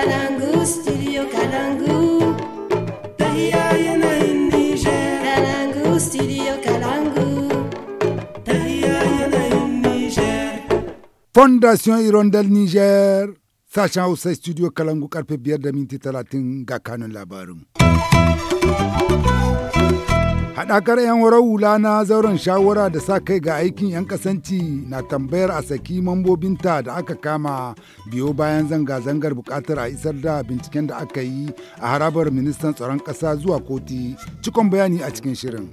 Kalangu, Irondel Niger. Fondation Niger. Studio Kalangu karfe biyar da minti talatin ga kanun labarin. haɗakar 'yan horar hula na zauren shawara da sa kai ga aikin 'yan kasanci na tambayar a saki mambobinta da aka kama biyo bayan zanga-zangar buƙatar a isar da binciken da aka yi a harabar ministan tsaron ƙasa zuwa koti cikon bayani a cikin shirin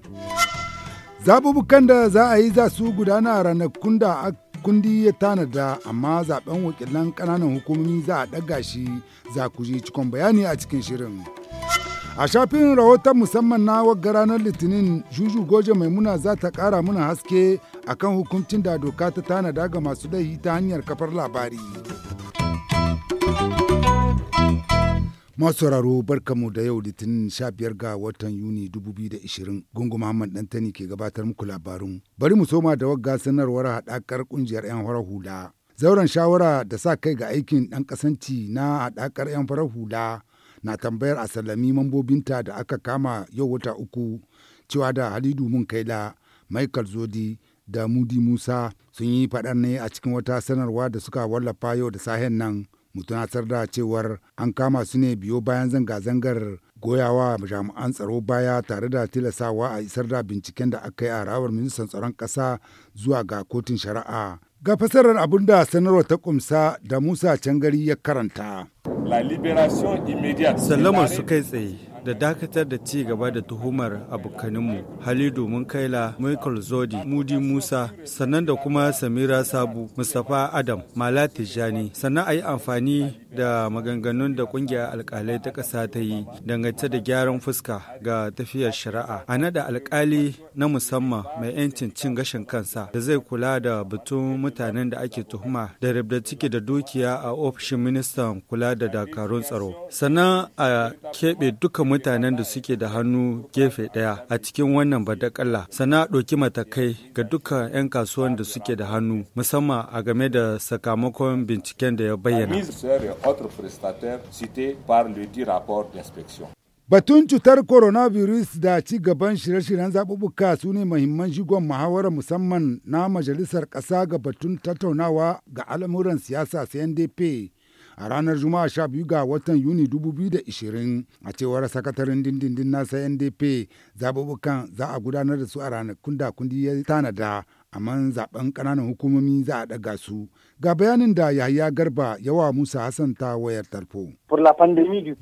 zaɓuɓɓukan da za a yi za su gudana ranakun da kundi ya tanada amma zaɓen wakilan ƙananan hukumomi za a ɗaga shi za ku ji cikon bayani a cikin shirin. A shafin rahoton musamman na wagga ranar Litinin, Juju Goje Maimuna za ta ƙara muna haske akan hukuncin da doka ta tanada ga masu laifi ta hanyar kafar labari. Masu raro, barkamu da yau Litinin 15 ga watan Yuni 2020 gungu Muhammad Dantani ke gabatar muku labarun. Bari mu soma da wagga sanarwar haɗakar ƙungiyar 'yan horar hula. Zauren shawara da sa kai ga aikin ɗan kasanci na haɗakar 'yan farar hula na tambayar a sallami mambobinta da aka kama yau wata uku cewa da Halidu Munkaila, Michael Zodi da Mudi Musa sun yi faɗar ne a cikin wata sanarwa da suka wallafa yau da sahen nan mu tunatar da cewar an kama su ne biyo bayan zanga-zangar goyawa jami'an tsaro baya tare da tilasawa a isar da binciken da aka yi a rawar ministan tsaron ƙasa zuwa ga kotun shari'a. Ga fasarar abin da sanarwa ta kumsa da Musa Cangari ya karanta. sallamar su kai tsaye da dakatar da ci gaba da tuhumar abokaninmu halidu munkaila michael zodi mudi musa sannan da kuma samira sabu mustapha adam mala tijjani sannan a yi amfani da maganganun da kungiyar alkalai ta ƙasa ta yi dangance da gyaran fuska ga tafiyar shari'a a nada alkali na musamman mai 'yancin cin gashin kansa da zai kula da batun mutanen da ake tuhuma da rabda ciki da dukiya a ofishin ministan kula da dakarun tsaro sannan a keɓe duka mutanen da suke da hannu gefe ɗaya a cikin wannan badakalla sannan a ɗauki matakai ga duka 'yan kasuwan da suke da hannu musamman a game da sakamakon binciken da ya bayyana autres prestataires cités par le dit rapport d'inspection. Batun cutar coronavirus da ci gaban shirye-shiryen zaɓuɓɓuka su ne mahimman shigon muhawarar musamman na majalisar ƙasa ga batun tattaunawa ga al'amuran siyasa CNDP a ranar Juma'a 12 ga watan Yuni 2020 a cewar sakataren dindindin na CNDP zaɓuɓɓukan za a gudanar da su a ranakun da kundi ya tanada amma zaɓen ƙananan hukumomi za a ɗaga su Ga bayanin da Yahaya Garba yawa Musa Hassan ta wayar tarfo.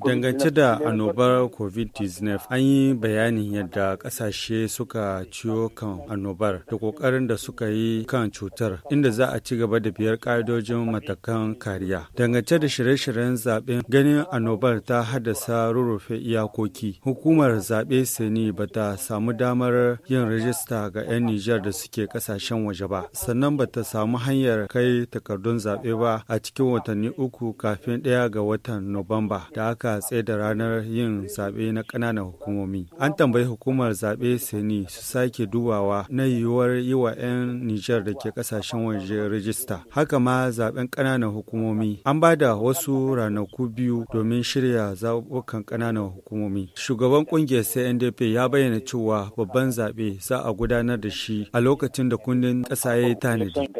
Dangance da annobar COVID-19 an yi bayanin yadda kasashe suka ciyo kan annobar da kokarin da suka yi kan cutar inda za a ci gaba da biyar ka'idojin matakan kariya. Dangance da shirye-shiryen zaben ganin annobar ta haddasa rurrufe iyakoki. Hukumar zaɓe sani ba ta samu damar yin rajista ga 'yan Nijar da suke kasashen waje ba, sannan ba ta samu hanyar kai ta takardun zaɓe ba a cikin watanni uku kafin ɗaya ga watan Nuwamba da aka tsaye da ranar yin zaɓe na ƙananan hukumomi. An tambayi hukumar zaɓe Seni su sake dubawa na yiwuwar yi wa 'yan Nijar da ke ƙasashen waje rijista. Haka ma zaɓen ƙananan hukumomi. An ba da wasu ranaku biyu domin shirya zaɓuɓɓukan ƙananan hukumomi. Shugaban ƙungiyar CNDP ya bayyana cewa babban zaɓe za a gudanar da shi a lokacin da kundin ƙasa ya yi tanadi.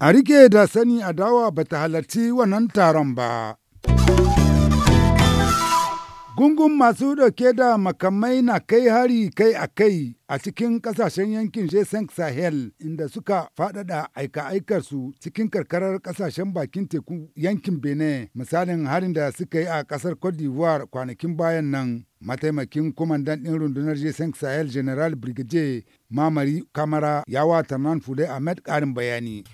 A rike da sani adawa bata halarci wannan taron ba. Gungun masu dauke da makamai na kai hari kai a kai a cikin ƙasashen yankin Jason Sahel inda suka faɗaɗa aika-aikarsu cikin karkarar ƙasashen bakin teku yankin Benin misalin harin da suka yi a ƙasar Cote d'Ivoire kwanakin bayan nan. Mataimakin kwamandan ɗin rundunar Jason Sahel General Brigadier mamari kamara ya wata nan fude ahmed karin bayani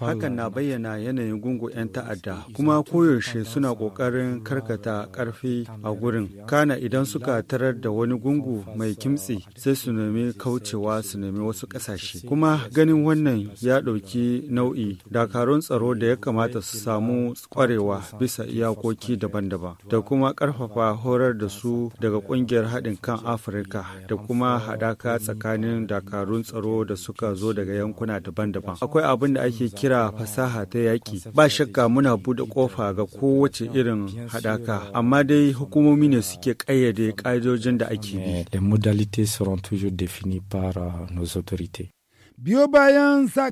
hakan na bayyana yanayin gungu 'yan ta'adda kuma koyaushe suna kokarin karkata karfi a gurin kana idan suka tarar da wani gungu mai kimtsi sai su nemi kaucewa su nemi wasu kasashe kuma ganin wannan ya ɗauki nau'i dakarun tsaro da ya kamata su samu kwarewa bisa iyakoki daban-daban da kuma karfafa horar da su daga kungiyar haɗin kan afirka da kuma haɗaka tsakanin da dakarun tsaro da suka zo daga yankuna daban-daban akwai abin da ake kira fasaha ta yaki. ba shakka muna buɗe ƙofa ga kowace irin haɗaka amma dai hukumomi ne suke ƙayyade ƙa'idojin da ake bi euh, biyo bayan sa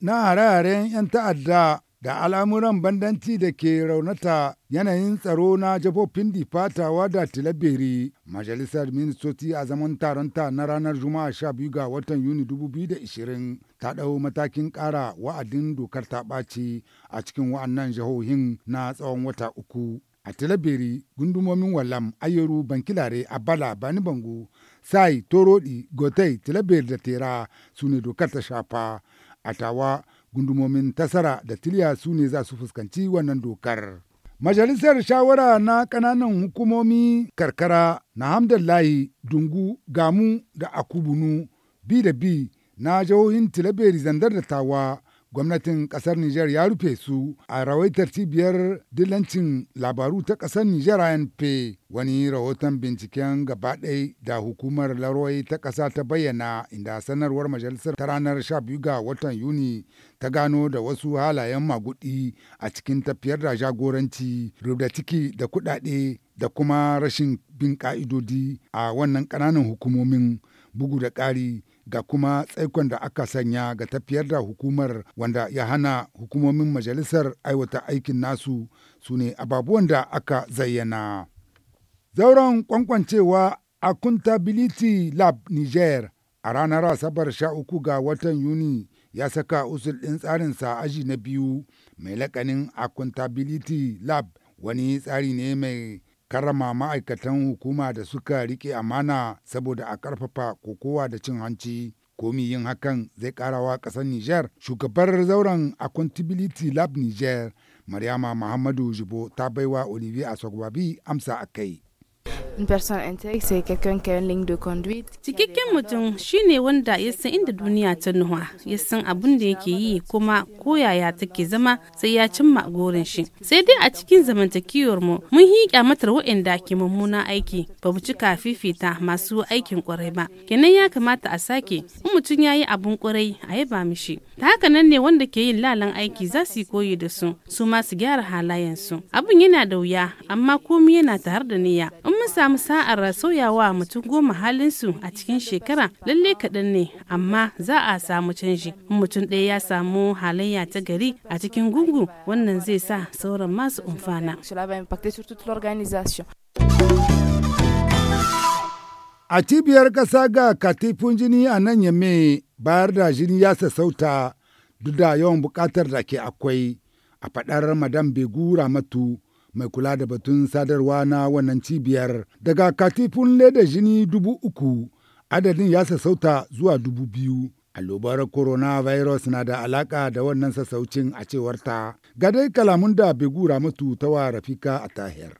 na hare-haren 'yan ta'adda da al'amuran bandanci da ke raunata yanayin tsaro na jafofin difatawa da tilaberi majalisar ministoci a zaman taronta na ranar juma'a 12 ga watan yuni 2020 ta ɗau matakin ƙara wa'adin dokar ta ɓaci a cikin wa'annan jihohin na tsawon wata uku a tilaberi gundumomin wallam ayyaru bankilare abala bani bango sai torodi gotai tilaberi da tera su ne dokar ta shafa a tawa gundumomin tasara da tilya su ne za su fuskanci wannan dokar. Majalisar shawara na ƙananan hukumomi karkara na Hamdallahi, Dungu, Gamu da Akubunu, bi da bi na jihohin Tilaberi Zandar da Tawa Gwamnatin kasar Nijar ya rufe su a rawaitar cibiyar dilancin labaru ta kasar Nijar ANP wani rahoton binciken gabaɗai da hukumar larwai ta ƙasa ta bayyana inda sanarwar majalisar ta ranar 12 ga watan Yuni ta gano da wasu halayen magudi a cikin tafiyar da jagoranci rubda ciki da kuɗaɗe da kuma rashin bin ƙa'idodi a wannan ƙananan hukumomin bugu da ƙari ga kuma tsaikon da aka sanya ga tafiyar da hukumar wanda ya hana hukumomin majalisar aiwata aikin nasu su ne ababuwan da aka zayyana. Zauren kwankwancewa Accountability Lab Niger a ranar Asabar sha uku ga watan Yuni ya saka usul ɗin tsarinsa aji na biyu mai lakanin Accountability Lab wani tsari ne mai karrama ma'aikatan hukuma da suka rike amana saboda a ƙarfafa kokowa da cin hanci komi yin hakan zai karawa ƙasar niger Shugabar zauren Accountability Lab niger Maryama Muhammadu Jibo ta baiwa Olivier Asogbabi amsa a kai. Cikakken mutum shine wanda ya san inda duniya ta nuwa, ya san abin da yake yi kuma koyaya take zama sai ya cimma gorin shi. Sai dai a cikin zamantakewar mu mun hiƙa matar waɗanda ke mummunan aiki ba mu cika fifita masu aikin kwarai ba. Kenan ya kamata a sake in mutum ya yi abin kwarai a yaba mishi. Ta haka nan ne wanda ke yin lalan aiki za su yi koyi da su su ma su gyara halayensu. Abin yana da wuya amma komi yana tare da niyya. In mun samu sa'ar sauyawa mutum goma halinsu a cikin shekara lalle kaɗan ne amma za a samu canji mutum ɗaya ya samu halayya ta gari a cikin gungu wannan zai sa sauran masu umfana. A cibiyar ƙasa ga katifun jini a nan yamme bayar da jini ya sassauta duk da yawan buƙatar da ke akwai a faɗar madam begu ramatu mai kula da batun sadarwa na wannan cibiyar daga katifun leda jini dubu uku adadin ya sassauta zuwa dubu biyu allobar coronavirus na da alaka da wannan sassaucin a cewarta ga dai kalamun da gura ramatu ta wa rafika a tahir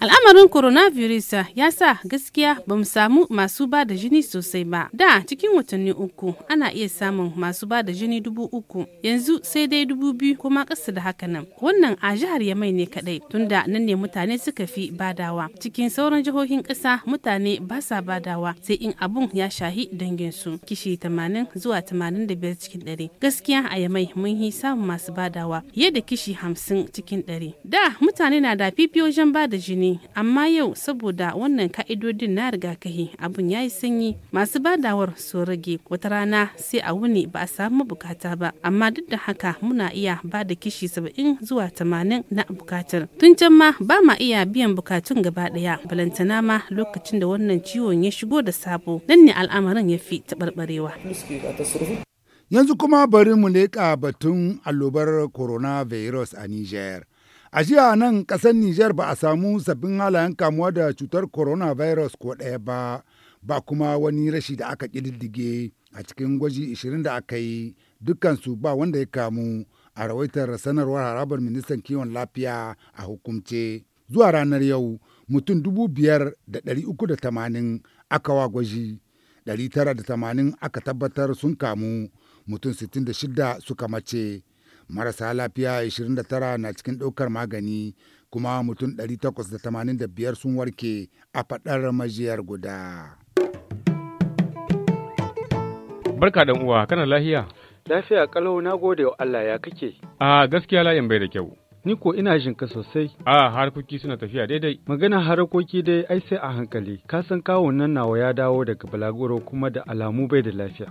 Al'amarin coronavirus ya sa gaskiya ba mu samu masu ba da jini sosai ba. Da cikin watanni uku ana iya samun masu ba da jini dubu uku yanzu sai dai dubu biyu kuma ƙasa da haka nan. Wannan a jihar Yamai ne kadai tunda nan ne mutane suka fi badawa. Cikin sauran jihohin ƙasa mutane ba sa badawa sai in abun ya shahi danginsu kishi tamanin zuwa tamanin da biyar cikin dare, Gaskiya a Yamai mun yi samun masu badawa fiye da kishi hamsin cikin ɗari. Da mutane na da fifi ba da jini, amma yau saboda wannan ka'idodin na rigakafi abun ya yi sanyi masu badawar su rage wata rana sai a wuni ba a samu bukata ba, amma duk da haka muna iya ba da kishi saba'in zuwa tamanin na bukatar. Tun can ma ba ma iya biyan bukatun gaba ɗaya, balantana ma lokacin da wannan ciwon ya shigo da sabo, nan ne al'amarin ya fi taɓarɓarewa. Yanzu kuma bari mu leƙa batun allobar coronavirus a Niger. A jiya nan ƙasar Nijar ba a samu sabbin halayen kamuwa da cutar coronavirus ko ɗaya ba, ba kuma wani rashi da aka ƙididdige a cikin gwaji 20 da aka yi dukansu ba wanda ya kamu a rawaitar sanarwar harabar ministan kiwon lafiya a hukumce. Zuwa ranar yau mutum dubu biyar aka wa gwaji, 980 tara da aka tabbatar sun kamu, mutum sittin da shida suka mace. marasa lafiya 29 na cikin ɗaukar magani kuma mutum 885 sun warke a faɗar majiyar guda. Barka ɗan uwa kana lahiya? Lafiya kalau na gode wa Allah ya kake. A gaskiya layin bai da kyau. Ni ko ina jin ka sosai. A harkoki suna tafiya daidai. Magana harkoki dai ai sai a hankali. Ka san kawun nan nawa ya dawo daga balagoro kuma da alamu bai da lafiya.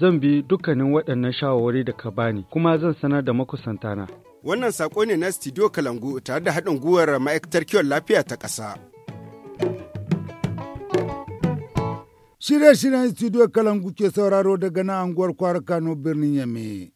Zan bi dukkanin waɗannan shawarwari da ka bani kuma zan sanar da makusantana. Wannan saƙo ne na Studio Kalangu tare da haɗin gwiwar ma'aikatar kiwon lafiya ta ƙasa. Shirye-shiryen studio Kalangu ke sauraro daga na anguwar kwara Kano birnin Yame.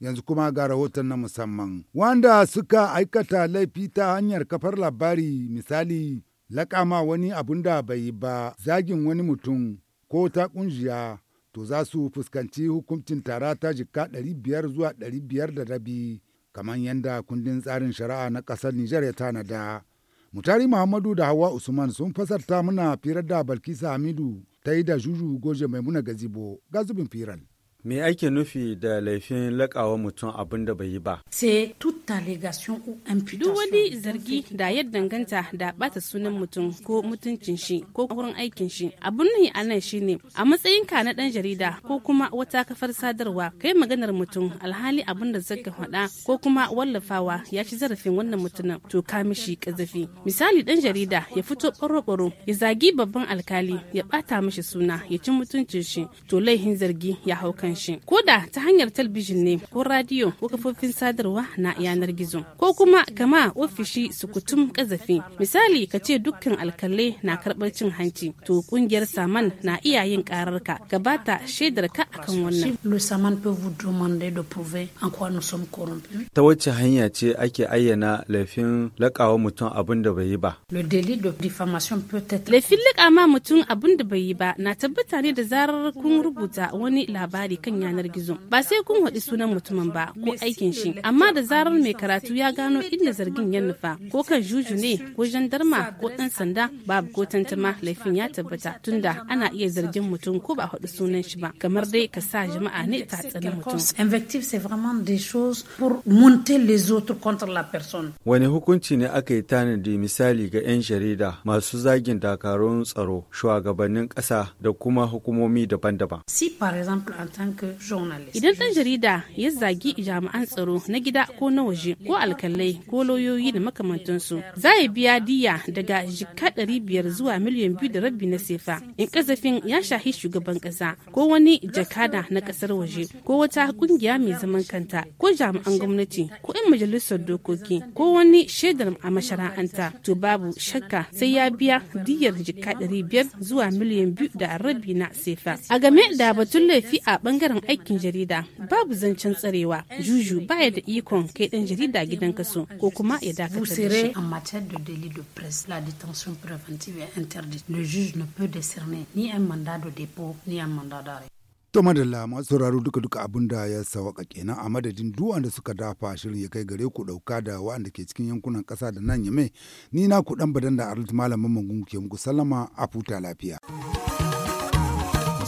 Yanzu kuma ga rahoton na musamman. Wanda suka aikata laifi ta hanyar kafar labari misali laƙama wani abun da bai ba zagin wani mutum ko ta ƙunjiya. to za su fuskanci hukuncin tara ta jika 500 zuwa 500 da rabi kamar yadda kundin tsarin shari'a na ƙasar Nijar ya tanada. Mutari Muhammadu da Hawa Usman sun fasarta muna firar da Balkisa Hamidu ta yi da Juju Goje Maimuna Gazibo, gazubin firan. Me ake nufi da laifin laƙawa mutum abin da bai yi ba? Duk wani zargi da ya danganta da ɓata sunan mutum ko mutuncin shi ko wurin aikin shi. Abun nan a nan shi ne, a matsayinka na ɗan jarida ko kuma wata kafar sadarwa kai maganar mutum alhali abin da zaka faɗa ko kuma wallafawa ya ci zarafin wannan mutumin to ka mishi ƙazafi. Misali ɗan jarida ya fito ɓaro ya zagi babban alkali ya ɓata mishi suna ya ci mutuncin shi to laifin zargi ya hau kan shi ko da ta hanyar talbijin ne ko radiyo ko kafofin sadarwa na yanar gizo ko kuma kama ofishi sukutum kazafi misali ka ce dukkan alkalai na karbar cin hanci to kungiyar saman na iya yin kararka gabata shaidar ka akan wannan ta wacce hanya ce ake ayyana laifin lakawa mutum abin da bai yi ba laifin laka ma mutum abin da bai yi ba na tabbata ne da zarar kun rubuta wani labari kan yanar gizo ba sai kun haɗi sunan mutumin ba ko aikin shi amma da zarar mai karatu ya gano inda zargin ya nufa ko kan juju ne ko jandarma ko ɗan sanda babu ko tantama laifin ya tabbata tunda ana iya zargin mutum ko ba haɗi sunan shi ba kamar dai ka sa jama'a ne ta tsani mutum. Wani hukunci ne aka yi tanadi misali ga 'yan jarida masu zagin dakarun tsaro shugabannin ƙasa da kuma hukumomi daban-daban. Si par exemple en tant Idan ɗan jarida ya zagi jami'an tsaro na gida ko na waje ko alkalai ko lauyoyi da makamantansu za ya biya diya daga jika ɗari biyar zuwa miliyan biyu da rabi na sefa in ƙazafin ya shahi shugaban ƙasa ko wani jakada na ƙasar waje ko wata ƙungiya mai zaman kanta ko jami'an gwamnati ko 'yan majalisar dokoki ko wani shaidar a mashara'anta to babu shakka sai ya biya diyar jika ɗari biyar zuwa miliyan biyu da rabi na sefa a game da batun laifi a bangaren aikin jarida babu zancen tsarewa juju baya da ikon kai dan jarida gidan kaso ko kuma ya dakatar da shi. To madalla masu sauraro duka duka abin da ya sawaka kenan a madadin duwan da suka dafa shirin ya kai gare ku dauka da wanda ke cikin yankunan kasa da nan yame ni na ku dan badan da arlit malamin mangungu ke muku sallama a futa lafiya.